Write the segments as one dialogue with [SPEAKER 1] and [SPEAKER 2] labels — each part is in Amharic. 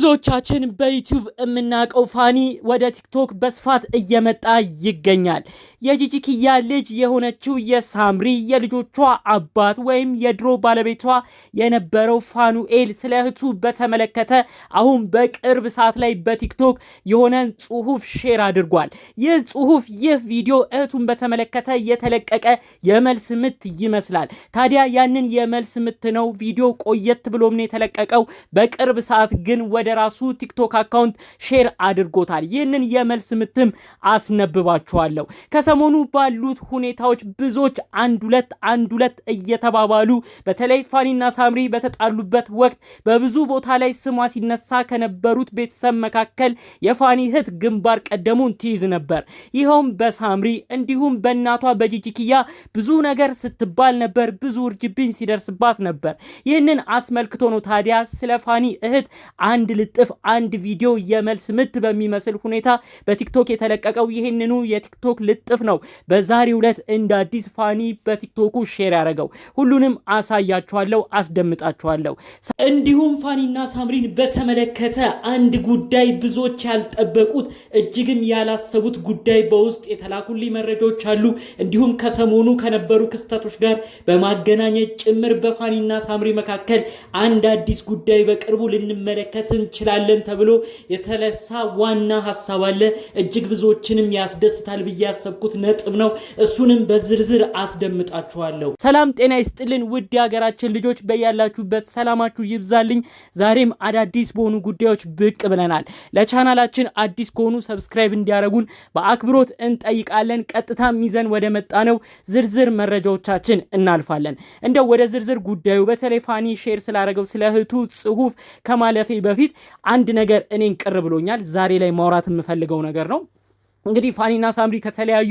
[SPEAKER 1] ብዙዎቻችን በዩቲዩብ የምናውቀው ፋኒ ወደ ቲክቶክ በስፋት እየመጣ ይገኛል። የጂጂኪያ ልጅ የሆነችው የሳምሪ የልጆቿ አባት ወይም የድሮ ባለቤቷ የነበረው ፋኑኤል ስለ እህቱ በተመለከተ አሁን በቅርብ ሰዓት ላይ በቲክቶክ የሆነን ጽሁፍ ሼር አድርጓል። ይህ ጽሁፍ ይህ ቪዲዮ እህቱን በተመለከተ የተለቀቀ የመልስ ምት ይመስላል። ታዲያ ያንን የመልስ ምት ነው ቪዲዮ ቆየት ብሎም ነው የተለቀቀው። በቅርብ ሰዓት ግን ወደ ራሱ ቲክቶክ አካውንት ሼር አድርጎታል። ይህንን የመልስ ምትም አስነብባችኋለሁ። ከሰሞኑ ባሉት ሁኔታዎች ብዙዎች አንድ ሁለት አንድ ሁለት እየተባባሉ በተለይ ፋኒና ሳምሪ በተጣሉበት ወቅት በብዙ ቦታ ላይ ስሟ ሲነሳ ከነበሩት ቤተሰብ መካከል የፋኒ እህት ግንባር ቀደሙን ትይዝ ነበር። ይኸውም በሳምሪ እንዲሁም በእናቷ በጂጂኪያ ብዙ ነገር ስትባል ነበር። ብዙ እርጅብኝ ሲደርስባት ነበር። ይህንን አስመልክቶ ነው ታዲያ ስለ ፋኒ እህት አንድ ልጥፍ አንድ ቪዲዮ የመልስ ምት በሚመስል ሁኔታ በቲክቶክ የተለቀቀው ይህንኑ የቲክቶክ ልጥፍ ነው። በዛሬው ዕለት እንደ አዲስ ፋኒ በቲክቶኩ ሼር ያደረገው ሁሉንም አሳያችኋለሁ፣ አስደምጣችኋለሁ። እንዲሁም ፋኒና ሳምሪን በተመለከተ አንድ ጉዳይ ብዙዎች ያልጠበቁት እጅግም ያላሰቡት ጉዳይ በውስጥ የተላኩልኝ መረጃዎች አሉ። እንዲሁም ከሰሞኑ ከነበሩ ክስተቶች ጋር በማገናኘት ጭምር በፋኒና ሳምሪ መካከል አንድ አዲስ ጉዳይ በቅርቡ ልንመለከት እንችላለን ተብሎ የተነሳ ዋና ሀሳብ አለ። እጅግ ብዙዎችንም ያስደስታል ብዬ ያሰብኩት ነጥብ ነው። እሱንም በዝርዝር አስደምጣችኋለሁ። ሰላም ጤና ይስጥልን ውድ የሀገራችን ልጆች በያላችሁበት ሰላማችሁ ይብዛልኝ። ዛሬም አዳዲስ በሆኑ ጉዳዮች ብቅ ብለናል። ለቻናላችን አዲስ ከሆኑ ሰብስክራይብ እንዲያደርጉን በአክብሮት እንጠይቃለን። ቀጥታ ሚዘን ወደ ነው ዝርዝር መረጃዎቻችን እናልፋለን። እንደው ወደ ዝርዝር ጉዳዩ በተለይ ፋኒ ሼር ስላደረገው ስለ እህቱ ጽሁፍ ከማለፌ በፊት በፊት አንድ ነገር እኔን ቅር ብሎኛል። ዛሬ ላይ ማውራት የምፈልገው ነገር ነው። እንግዲህ ፋኒና ሳምሪ ከተለያዩ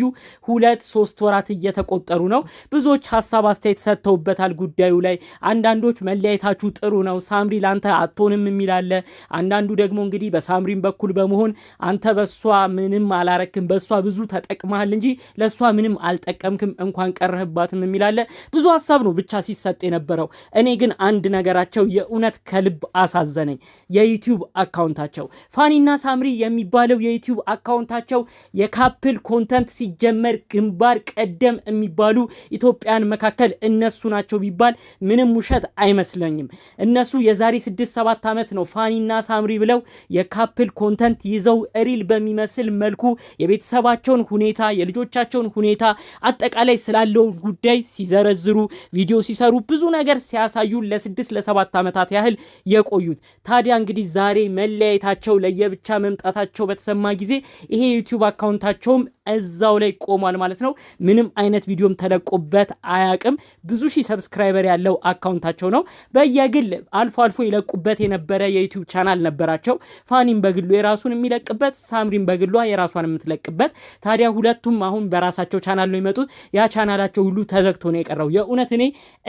[SPEAKER 1] ሁለት ሶስት ወራት እየተቆጠሩ ነው። ብዙዎች ሀሳብ አስተያየት ሰጥተውበታል ጉዳዩ ላይ። አንዳንዶች መለያየታችሁ ጥሩ ነው፣ ሳምሪ ለአንተ አትሆንም የሚላለ፣ አንዳንዱ ደግሞ እንግዲህ በሳምሪን በኩል በመሆን አንተ በሷ ምንም አላረክም፣ በሷ ብዙ ተጠቅመሃል እንጂ ለእሷ ምንም አልጠቀምክም፣ እንኳን ቀረህባትም የሚላለ፣ ብዙ ሀሳብ ነው ብቻ ሲሰጥ የነበረው። እኔ ግን አንድ ነገራቸው የእውነት ከልብ አሳዘነኝ፣ የዩቲዩብ አካውንታቸው ፋኒና ሳምሪ የሚባለው የዩቲዩብ አካውንታቸው የካፕል ኮንተንት ሲጀመር ግንባር ቀደም የሚባሉ ኢትዮጵያን መካከል እነሱ ናቸው ቢባል ምንም ውሸት አይመስለኝም። እነሱ የዛሬ ስድስት ሰባት ዓመት ነው ፋኒና ሳምሪ ብለው የካፕል ኮንተንት ይዘው ሪል በሚመስል መልኩ የቤተሰባቸውን ሁኔታ የልጆቻቸውን ሁኔታ አጠቃላይ ስላለው ጉዳይ ሲዘረዝሩ ቪዲዮ ሲሰሩ ብዙ ነገር ሲያሳዩ ለስድስት ለሰባት ዓመታት ያህል የቆዩት ታዲያ እንግዲህ ዛሬ መለያየታቸው ለየብቻ መምጣታቸው በተሰማ ጊዜ ይሄ ዩቲዩብ አካውንታቸውም እዛው ላይ ቆሟል ማለት ነው። ምንም አይነት ቪዲዮም ተለቆበት አያቅም። ብዙ ሺህ ሰብስክራይበር ያለው አካውንታቸው ነው። በየግል አልፎ አልፎ ይለቁበት የነበረ የዩቲዩብ ቻናል ነበራቸው። ፋኒም በግሉ የራሱን የሚለቅበት፣ ሳምሪም በግሏ የራሷን የምትለቅበት። ታዲያ ሁለቱም አሁን በራሳቸው ቻናል ነው የመጡት። ያ ቻናላቸው ሁሉ ተዘግቶ ነው የቀረው። የእውነት እኔ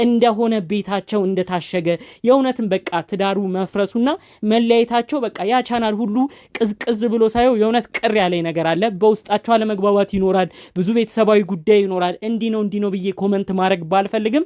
[SPEAKER 1] እንደሆነ ቤታቸው እንደታሸገ የእውነትን በቃ ትዳሩ መፍረሱና መለያየታቸው በቃ ያ ቻናል ሁሉ ቅዝቅዝ ብሎ ሳየው የእውነት ቅር ያለኝ ነገር አለ በውስጣቸው አለመግባ መግባባት ይኖራል፣ ብዙ ቤተሰባዊ ጉዳይ ይኖራል። እንዲ ነው እንዲ ነው ብዬ ኮመንት ማድረግ ባልፈልግም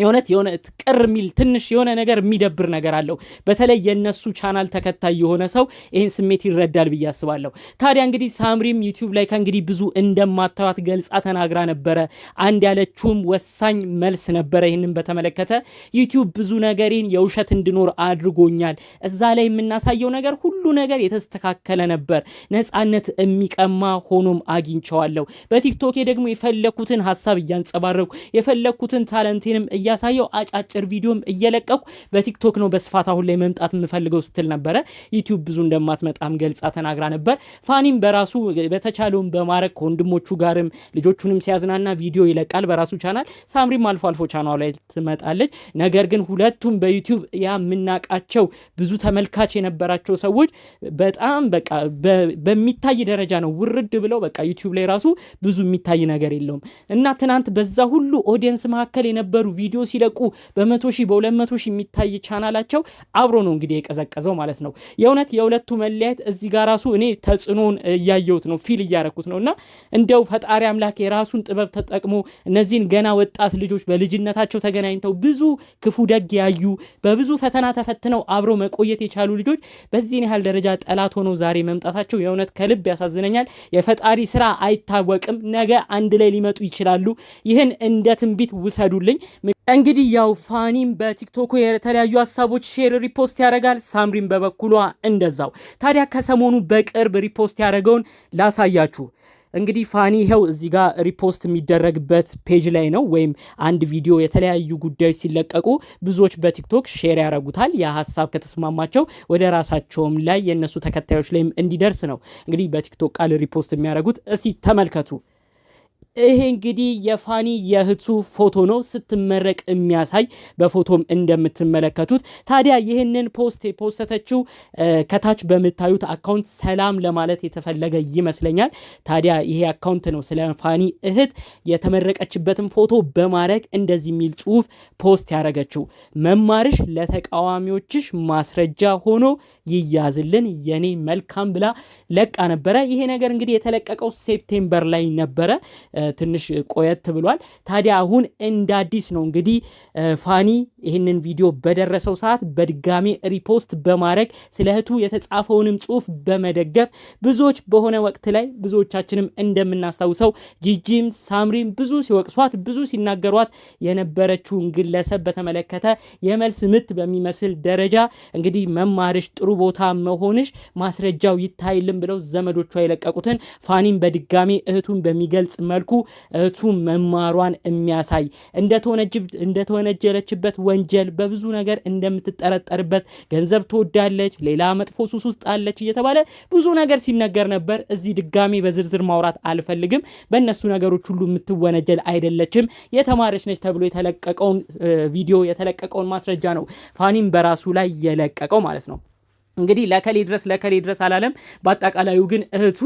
[SPEAKER 1] የእውነት የሆነ ቅር የሚል ትንሽ የሆነ ነገር የሚደብር ነገር አለው። በተለይ የእነሱ ቻናል ተከታይ የሆነ ሰው ይህን ስሜት ይረዳል ብዬ አስባለሁ። ታዲያ እንግዲህ ሳምሪም ዩቲዩብ ላይ ከእንግዲህ ብዙ እንደማታዩት ገልጻ ተናግራ ነበረ። አንድ ያለችውም ወሳኝ መልስ ነበረ። ይህንን በተመለከተ ዩቲዩብ ብዙ ነገሬን የውሸት እንድኖር አድርጎኛል። እዛ ላይ የምናሳየው ነገር ሁሉ ነገር የተስተካከለ ነበር። ነፃነት የሚቀማ ሆኖም አግኝቸዋለሁ። በቲክቶኬ ደግሞ የፈለኩትን ሀሳብ እያንጸባረኩ የፈለኩትን ታለንቴንም እያ እያሳየው አጫጭር ቪዲዮም እየለቀኩ በቲክቶክ ነው በስፋት አሁን ላይ መምጣት የምፈልገው ስትል ነበረ። ዩቲዩብ ብዙ እንደማትመጣም ገልጻ ተናግራ ነበር። ፋኒም በራሱ በተቻለውን በማድረግ ከወንድሞቹ ጋርም ልጆቹንም ሲያዝናና ቪዲዮ ይለቃል በራሱ ቻናል። ሳምሪም አልፎ አልፎ ቻናሉ ላይ ትመጣለች። ነገር ግን ሁለቱም በዩቲዩብ ያ የምናቃቸው ብዙ ተመልካች የነበራቸው ሰዎች በጣም በቃ በሚታይ ደረጃ ነው ውርድ ብለው በቃ ዩቲዩብ ላይ ራሱ ብዙ የሚታይ ነገር የለውም እና ትናንት በዛ ሁሉ ኦዲየንስ መካከል የነበሩ ቪዲዮ ቪዲዮ ሲለቁ በመቶ ሺህ በሁለት መቶ ሺህ የሚታይ ቻናላቸው አብሮ ነው እንግዲህ የቀዘቀዘው ማለት ነው። የእውነት የሁለቱ መለያየት እዚህ ጋር ራሱ እኔ ተጽዕኖውን እያየሁት ነው፣ ፊል እያረኩት ነው። እና እንደው ፈጣሪ አምላክ የራሱን ጥበብ ተጠቅሞ እነዚህን ገና ወጣት ልጆች በልጅነታቸው ተገናኝተው ብዙ ክፉ ደግ ያዩ በብዙ ፈተና ተፈትነው አብሮ መቆየት የቻሉ ልጆች በዚህን ያህል ደረጃ ጠላት ሆነው ዛሬ መምጣታቸው የእውነት ከልብ ያሳዝነኛል። የፈጣሪ ስራ አይታወቅም። ነገ አንድ ላይ ሊመጡ ይችላሉ። ይህን እንደ ትንቢት ውሰዱልኝ። እንግዲህ ያው ፋኒም በቲክቶክ የተለያዩ ሀሳቦች ሼር ሪፖስት ያደርጋል። ሳምሪም በበኩሏ እንደዛው። ታዲያ ከሰሞኑ በቅርብ ሪፖስት ያደረገውን ላሳያችሁ። እንግዲህ ፋኒ ይኸው እዚህ ጋር ሪፖስት የሚደረግበት ፔጅ ላይ ነው፣ ወይም አንድ ቪዲዮ የተለያዩ ጉዳዮች ሲለቀቁ ብዙዎች በቲክቶክ ሼር ያደርጉታል። ያ ሀሳብ ከተስማማቸው ወደ ራሳቸውም ላይ የእነሱ ተከታዮች ላይም እንዲደርስ ነው እንግዲህ በቲክቶክ ቃል ሪፖስት የሚያደርጉት። እስቲ ተመልከቱ። ይሄ እንግዲህ የፋኒ የእህቱ ፎቶ ነው ስትመረቅ የሚያሳይ በፎቶም እንደምትመለከቱት። ታዲያ ይህንን ፖስት የፖስተተችው ከታች በምታዩት አካውንት ሰላም ለማለት የተፈለገ ይመስለኛል። ታዲያ ይሄ አካውንት ነው ስለ ፋኒ እህት የተመረቀችበትን ፎቶ በማድረግ እንደዚህ የሚል ጽሁፍ ፖስት ያደረገችው መማርሽ ለተቃዋሚዎችሽ ማስረጃ ሆኖ ይያዝልን የኔ መልካም ብላ ለቃ ነበረ። ይሄ ነገር እንግዲህ የተለቀቀው ሴፕቴምበር ላይ ነበረ። ትንሽ ቆየት ብሏል። ታዲያ አሁን እንደ አዲስ ነው እንግዲህ ፋኒ ይህንን ቪዲዮ በደረሰው ሰዓት በድጋሚ ሪፖስት በማድረግ ስለ እህቱ የተጻፈውንም ጽሁፍ በመደገፍ ብዙዎች በሆነ ወቅት ላይ ብዙዎቻችንም እንደምናስታውሰው ጂጂም ሳምሪም ብዙ ሲወቅሷት ብዙ ሲናገሯት የነበረችውን ግለሰብ በተመለከተ የመልስ ምት በሚመስል ደረጃ እንግዲህ መማርሽ ጥሩ ቦታ መሆንሽ ማስረጃው ይታይልም ብለው ዘመዶቿ የለቀቁትን ፋኒም በድጋሚ እህቱን በሚገልጽ መልኩ መልኩ እህቱ መማሯን የሚያሳይ እንደተወነጀለችበት ወንጀል በብዙ ነገር እንደምትጠረጠርበት ገንዘብ ትወዳለች፣ ሌላ መጥፎ ሱስ ውስጥ አለች እየተባለ ብዙ ነገር ሲነገር ነበር። እዚህ ድጋሚ በዝርዝር ማውራት አልፈልግም። በእነሱ ነገሮች ሁሉ የምትወነጀል አይደለችም፣ የተማረች ነች ተብሎ የተለቀቀውን ቪዲዮ የተለቀቀውን ማስረጃ ነው ፋኒም በራሱ ላይ የለቀቀው ማለት ነው። እንግዲህ ለከሌ ድረስ ለከሌ ድረስ አላለም። በአጠቃላዩ ግን እህቱ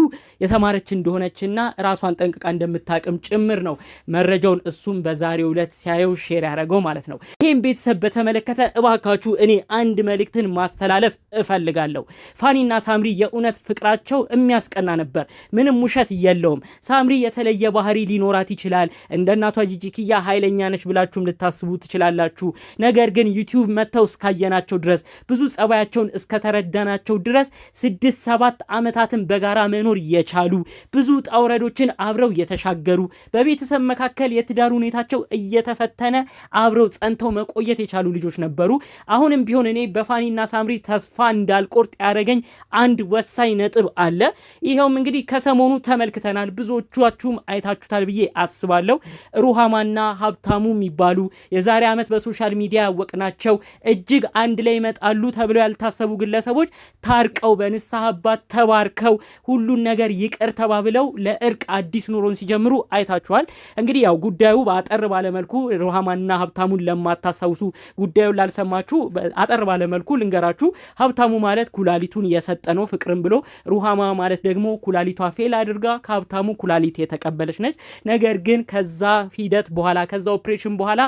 [SPEAKER 1] የተማረች እንደሆነችና ራሷን ጠንቅቃ እንደምታቅም ጭምር ነው መረጃውን እሱም በዛሬው ዕለት ሲያየው ሼር ያደረገው ማለት ነው። ይህም ቤተሰብ በተመለከተ እባካችሁ እኔ አንድ መልእክትን ማስተላለፍ እፈልጋለሁ። ፋኒና ሳምሪ የእውነት ፍቅራቸው የሚያስቀና ነበር። ምንም ውሸት የለውም። ሳምሪ የተለየ ባህሪ ሊኖራት ይችላል። እንደ እናቷ ጂጂኪያ ኃይለኛ ነች ብላችሁም ልታስቡ ትችላላችሁ። ነገር ግን ዩቲዩብ መጥተው እስካየናቸው ድረስ ብዙ ጸባያቸውን እስከተረ እስከረዳናቸው ድረስ ስድስት ሰባት ዓመታትን በጋራ መኖር የቻሉ ብዙ ጣውረዶችን አብረው የተሻገሩ በቤተሰብ መካከል የትዳር ሁኔታቸው እየተፈተነ አብረው ጸንተው መቆየት የቻሉ ልጆች ነበሩ። አሁንም ቢሆን እኔ በፋኒና ሳምሪ ተስፋ እንዳልቆርጥ ያደረገኝ አንድ ወሳኝ ነጥብ አለ። ይኸውም እንግዲህ ከሰሞኑ ተመልክተናል፣ ብዙዎቻችሁም አይታችሁታል ብዬ አስባለሁ። ሩሃማና ሀብታሙ የሚባሉ የዛሬ ዓመት በሶሻል ሚዲያ ያወቅናቸው እጅግ አንድ ላይ ይመጣሉ ተብለው ያልታሰቡ ግለሰብ ግለሰቦች ታርቀው በንስሐ አባት ተባርከው ሁሉን ነገር ይቅር ተባብለው ለእርቅ አዲስ ኑሮን ሲጀምሩ አይታችኋል። እንግዲህ ያው ጉዳዩ በአጠር ባለመልኩ ሩሃማና ሀብታሙን ለማታስታውሱ ጉዳዩን ላልሰማችሁ አጠር ባለመልኩ ልንገራችሁ። ሀብታሙ ማለት ኩላሊቱን የሰጠ ነው ፍቅርም ብሎ ሩሃማ ማለት ደግሞ ኩላሊቷ ፌል አድርጋ ከሀብታሙ ኩላሊት የተቀበለች ነች። ነገር ግን ከዛ ሂደት በኋላ ከዛ ኦፕሬሽን በኋላ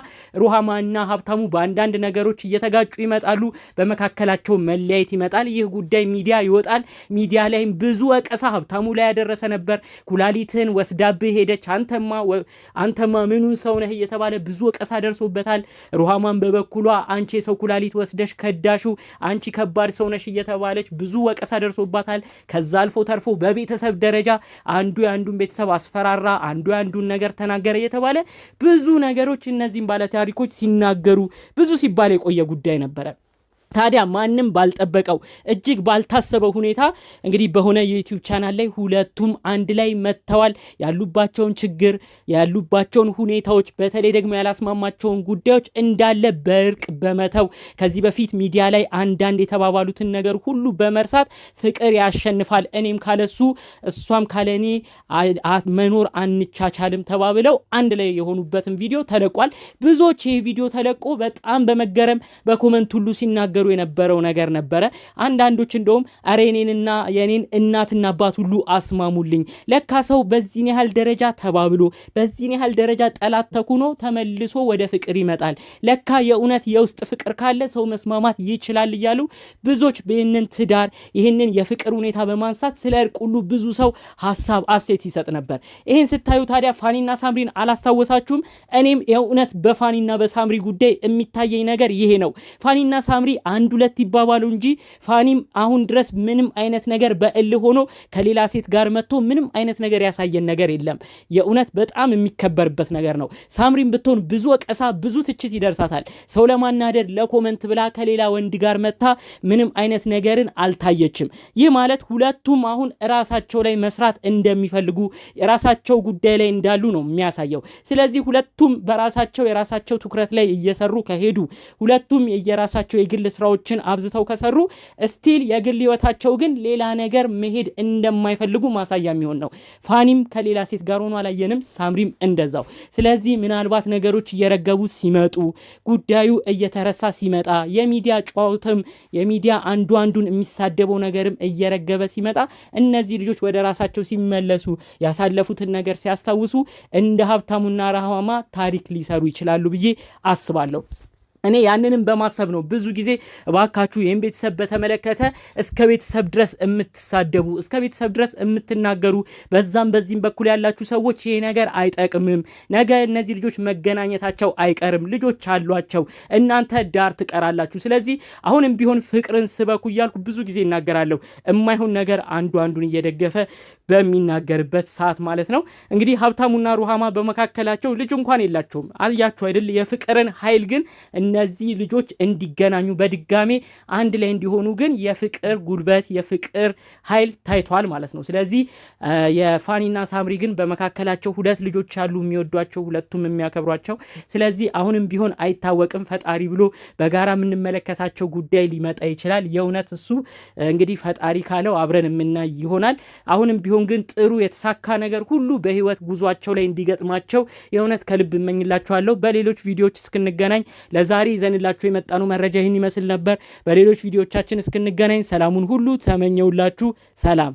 [SPEAKER 1] ሩሃማና ሀብታሙ በአንዳንድ ነገሮች እየተጋጩ ይመጣሉ። በመካከላቸው መለያየት ይመጣል ይመጣል። ይህ ጉዳይ ሚዲያ ይወጣል። ሚዲያ ላይም ብዙ ወቀሳ ሀብታሙ ላይ ያደረሰ ነበር። ኩላሊትን ወስዳብህ ሄደች፣ አንተማ አንተማ ምኑን ሰው ነህ እየተባለ ብዙ ወቀሳ ደርሶበታል። ሩሃማን በበኩሏ አንቺ የሰው ኩላሊት ወስደሽ ከዳሹ፣ አንቺ ከባድ ሰው ነሽ እየተባለች ብዙ ወቀሳ ደርሶባታል። ከዛ አልፎ ተርፎ በቤተሰብ ደረጃ አንዱ የአንዱን ቤተሰብ አስፈራራ፣ አንዱ የአንዱን ነገር ተናገረ እየተባለ ብዙ ነገሮች እነዚህም ባለታሪኮች ሲናገሩ ብዙ ሲባል የቆየ ጉዳይ ነበረ። ታዲያ ማንም ባልጠበቀው እጅግ ባልታሰበው ሁኔታ እንግዲህ በሆነ የዩቲዩብ ቻናል ላይ ሁለቱም አንድ ላይ መጥተዋል። ያሉባቸውን ችግር ያሉባቸውን ሁኔታዎች፣ በተለይ ደግሞ ያላስማማቸውን ጉዳዮች እንዳለ በእርቅ በመተው ከዚህ በፊት ሚዲያ ላይ አንዳንድ የተባባሉትን ነገር ሁሉ በመርሳት ፍቅር ያሸንፋል፣ እኔም ካለሱ እሷም ካለ እኔ መኖር አንቻቻልም ተባብለው አንድ ላይ የሆኑበትን ቪዲዮ ተለቋል። ብዙዎች ይህ ቪዲዮ ተለቆ በጣም በመገረም በኮመንት ሁሉ ሲናገ ሲናገሩ የነበረው ነገር ነበረ። አንዳንዶች እንደውም አረ የኔንና የኔን እናትና አባት ሁሉ አስማሙልኝ፣ ለካ ሰው በዚህን ያህል ደረጃ ተባብሎ በዚህን ያህል ደረጃ ጠላት ተኩኖ ተመልሶ ወደ ፍቅር ይመጣል፣ ለካ የእውነት የውስጥ ፍቅር ካለ ሰው መስማማት ይችላል እያሉ ብዙዎች ይህንን ትዳር ይህንን የፍቅር ሁኔታ በማንሳት ስለ እርቅ ሁሉ ብዙ ሰው ሀሳብ አሴት ይሰጥ ነበር። ይህን ስታዩ ታዲያ ፋኒና ሳምሪን አላስታወሳችሁም? እኔም የእውነት በፋኒና በሳምሪ ጉዳይ የሚታየኝ ነገር ይሄ ነው። ፋኒና ሳምሪ አንድ ሁለት ይባባሉ እንጂ ፋኒም አሁን ድረስ ምንም አይነት ነገር በእል ሆኖ ከሌላ ሴት ጋር መጥቶ ምንም አይነት ነገር ያሳየን ነገር የለም። የእውነት በጣም የሚከበርበት ነገር ነው። ሳምሪም ብትሆን ብዙ ወቀሳ፣ ብዙ ትችት ይደርሳታል። ሰው ለማናደድ ለኮመንት ብላ ከሌላ ወንድ ጋር መጥታ ምንም አይነት ነገርን አልታየችም። ይህ ማለት ሁለቱም አሁን እራሳቸው ላይ መስራት እንደሚፈልጉ የራሳቸው ጉዳይ ላይ እንዳሉ ነው የሚያሳየው። ስለዚህ ሁለቱም በራሳቸው የራሳቸው ትኩረት ላይ እየሰሩ ከሄዱ ሁለቱም የራሳቸው የግል ስራዎችን አብዝተው ከሰሩ ስቲል የግል ህይወታቸው ግን ሌላ ነገር መሄድ እንደማይፈልጉ ማሳያ የሚሆን ነው። ፋኒም ከሌላ ሴት ጋር ሆኖ አላየንም፣ ሳምሪም እንደዛው። ስለዚህ ምናልባት ነገሮች እየረገቡ ሲመጡ፣ ጉዳዩ እየተረሳ ሲመጣ፣ የሚዲያ ጨዋታም የሚዲያ አንዱ አንዱን የሚሳደበው ነገርም እየረገበ ሲመጣ እነዚህ ልጆች ወደ ራሳቸው ሲመለሱ ያሳለፉትን ነገር ሲያስታውሱ እንደ ሀብታሙና ረሃማ ታሪክ ሊሰሩ ይችላሉ ብዬ አስባለሁ። እኔ ያንንም በማሰብ ነው ብዙ ጊዜ እባካችሁ ይህን ቤተሰብ በተመለከተ እስከ ቤተሰብ ድረስ የምትሳደቡ እስከ ቤተሰብ ድረስ የምትናገሩ በዛም በዚህም በኩል ያላችሁ ሰዎች ይሄ ነገር አይጠቅምም። ነገ እነዚህ ልጆች መገናኘታቸው አይቀርም። ልጆች አሏቸው። እናንተ ዳር ትቀራላችሁ። ስለዚህ አሁንም ቢሆን ፍቅርን ስበኩ እያልኩ ብዙ ጊዜ እናገራለሁ። የማይሆን ነገር አንዱ አንዱን እየደገፈ በሚናገርበት ሰዓት ማለት ነው። እንግዲህ ሀብታሙና ሩሃማ በመካከላቸው ልጅ እንኳን የላቸውም። አያችሁ አይደል? የፍቅርን ኃይል ግን እነዚህ ልጆች እንዲገናኙ በድጋሜ አንድ ላይ እንዲሆኑ ግን የፍቅር ጉልበት የፍቅር ኃይል ታይቷል ማለት ነው። ስለዚህ የፋኒና ሳምሪ ግን በመካከላቸው ሁለት ልጆች አሉ የሚወዷቸው፣ ሁለቱም የሚያከብሯቸው። ስለዚህ አሁንም ቢሆን አይታወቅም ፈጣሪ ብሎ በጋራ የምንመለከታቸው ጉዳይ ሊመጣ ይችላል። የእውነት እሱ እንግዲህ ፈጣሪ ካለው አብረን የምናይ ይሆናል። አሁንም ቢሆን ግን ጥሩ የተሳካ ነገር ሁሉ በህይወት ጉዟቸው ላይ እንዲገጥማቸው የእውነት ከልብ እመኝላችኋለሁ። በሌሎች ቪዲዮዎች እስክንገናኝ ለዛ ለዛሬ ይዘንላችሁ የመጣነው መረጃ ይህን ይመስል ነበር። በሌሎች ቪዲዮቻችን እስክንገናኝ ሰላሙን ሁሉ ተመኘውላችሁ። ሰላም